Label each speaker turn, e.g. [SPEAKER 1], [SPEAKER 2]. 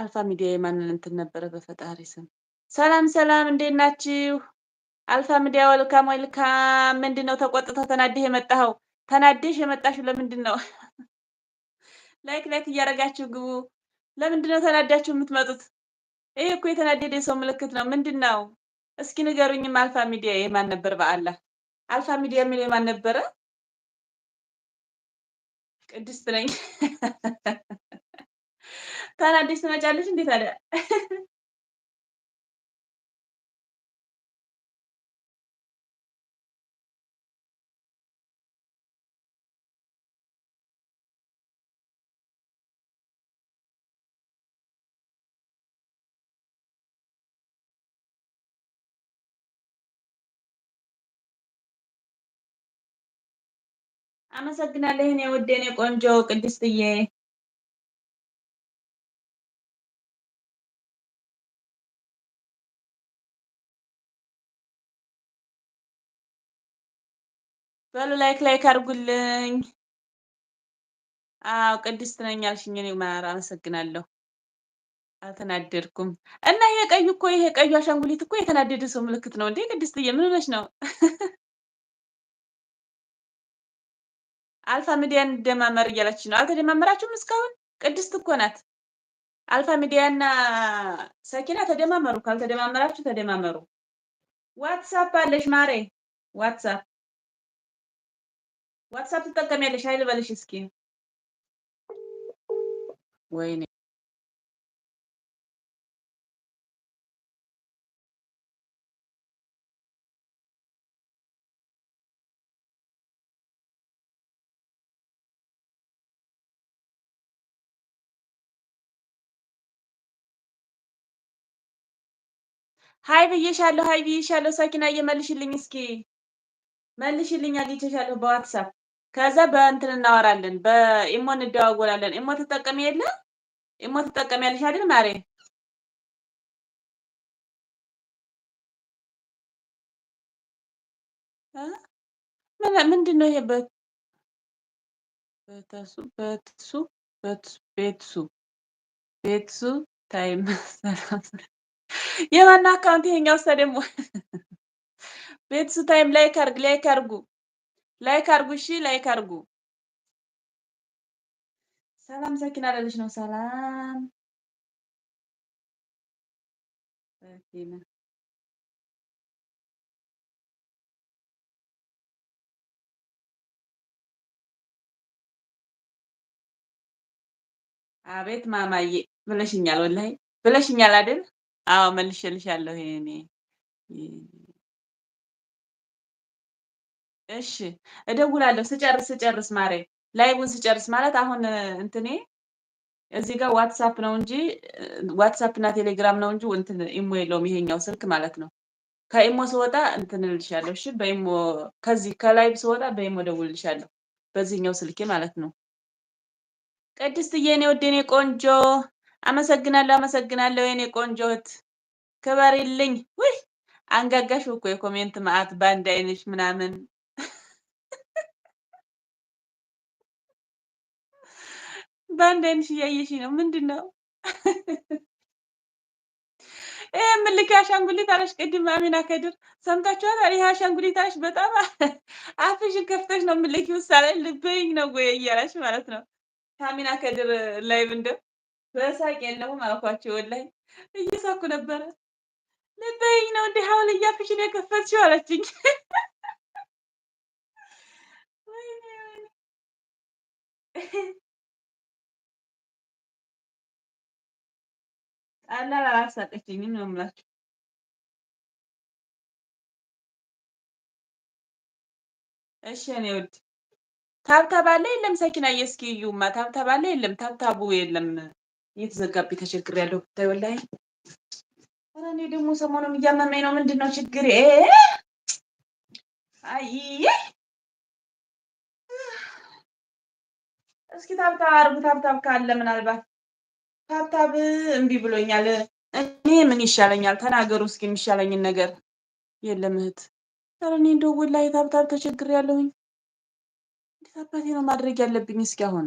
[SPEAKER 1] አልፋ ሚዲያ የማንን እንትን ነበረ? በፈጣሪ ስም ሰላም ሰላም፣ እንዴት ናችሁ? አልፋ ሚዲያ ወልካም ወልካም። ምንድን ነው ተቆጥተህ ተናድህ የመጣኸው? ተናድሽ የመጣሽው ለምንድን ነው? ላይክ ላይክ እያደረጋችሁ ግቡ። ለምንድን ነው ተናዳችሁ የምትመጡት? ይህ እኮ የተናደደ የሰው ምልክት ነው። ምንድን ነው እስኪ ንገሩኝም። አልፋ ሚዲያ የማን ነበር? በአላ አልፋ ሚዲያ የሚለው የማን ነበረ? ቅድስት ነኝ ተናደሽ ትመጫለሽ እንዴ አለ አመሰግናለሁ። እኔ ውዴ፣ እኔ ቆንጆ ቅድስትዬ በሉ ላይክ ላይክ አድርጉልኝ። አዎ ቅድስት ነኝ አልሽኝ። እኔ ማር አመሰግናለሁ። አልተናደድኩም። እና ይሄ ቀዩ እኮ ይሄ ቀዩ አሻንጉሊት እኮ የተናደደ ሰው ምልክት ነው እንዴ? ቅድስትዬ ምን ሆነሽ ነው? አልፋ ሚዲያን ደማመር እያላች ነው። አልተደማመራችሁም እስካሁን። ቅድስት እኮ ናት። አልፋ ሚዲያና ሰኪና ተደማመሩ። ካልተደማመራችሁ ተደማመሩ። ዋትሳፕ አለሽ ማሬ፣ ዋትሳፕ واتساب تتلقى مع شايل بلاش سكين وين هاي بيجي شالو هاي بيجي شالو ساكنة يا مالش اللي مسكي مالش اللي نادي تشالو بواتساب ከዛ በእንትን እናወራለን፣ በኢሞ እንደዋወላለን። ኢሞ ትጠቀሚ የለ ኢሞ ትጠቀሚ ያለሽ አይደል ማሬ? ምንድን ነው ይሄ? በተሱ በትሱ ቤትሱ ቤትሱ ታይም የማና አካውንት ይሄኛው ውሳ ደግሞ ቤትሱ ታይም ላይክ አርግ ላይክ አርጉ ላይክ አድርጉ። እሺ ላይክ አድርጉ። ሰላም ሰኪና አለልሽ ነው። ሰላም ሰኪና አቤት ማማዬ ብለሽኛል፣ ወላሂ ብለሽኛል አይደል? አዎ መልሼልሻለሁ። ይሄኔ እሺ እደውላለሁ ስጨርስ ስጨርስ ማሬ ላይቡን ስጨርስ ማለት አሁን እንትኔ እዚህ ጋር ዋትሳፕ ነው እንጂ ዋትሳፕ እና ቴሌግራም ነው እንጂ እንትን ኢሞ የለውም ይሄኛው ስልክ ማለት ነው። ከኢሞ ስወጣ እንትን እልሻለሁ። እሺ በኢሞ ከዚህ ከላይብ ስወጣ በኢሞ ደውልልሻለሁ በዚህኛው ስልኬ ማለት ነው። ቅድስትዬ የኔ ውድ ቆንጆ አመሰግናለሁ፣ አመሰግናለሁ የኔ ቆንጆት ክበሪልኝ። ውይ አንጋጋሽ እኮ የኮሜንት ማአት በአንድ አይነሽ ምናምን በአንድ አይንሽ እያየሽ ነው። ምንድን ነው ይህ ምልክ አሻንጉሊት አለሽ? ቅድም አሚና ከድር ሰምታችኋታል። ይህ አሻንጉሊት አለሽ፣ በጣም አፍሽን ከፍተሽ ነው ምልክ ውሳሌ ልበኝ ነው ጎየ እያለሽ ማለት ነው። ከአሚና ከድር ላይቭ እንደ በሳቅ የለሁም አልኳቸው። ወላሂ እየሳኩ ነበረ። ልበኝ ነው እንዲህ አሁን እያፍሽን የከፈትሽው አለችኝ። ቀላል አላሳቀችኝም ነው የምላችሁ። እሺ እኔ ውድ ታብታብ አለ የለም? ሰኪናዬ እስኪ እዩማ ታብታብ አለ የለም? ታብታቡ የለም እየተዘጋቢ ተቸግር ያለው ብታይ ወላሂ። ኧረ እኔ ደግሞ ሰሞኑን እያመመኝ ነው። ምንድን ነው ችግር? አይ እስኪ ታብታብ አድርጉ ታብታብ ካለ ምናልባት ሀብታብ እምቢ ብሎኛል። እኔ ምን ይሻለኛል? ተናገሩ እስኪ የሚሻለኝን ነገር። የለም እህት፣ ኧረ እኔ እንደው ወላሂ ታብታብ ተቸግሬያለሁኝ። እንዴት አባቴ ነው ማድረግ ያለብኝ? እስኪ አሁን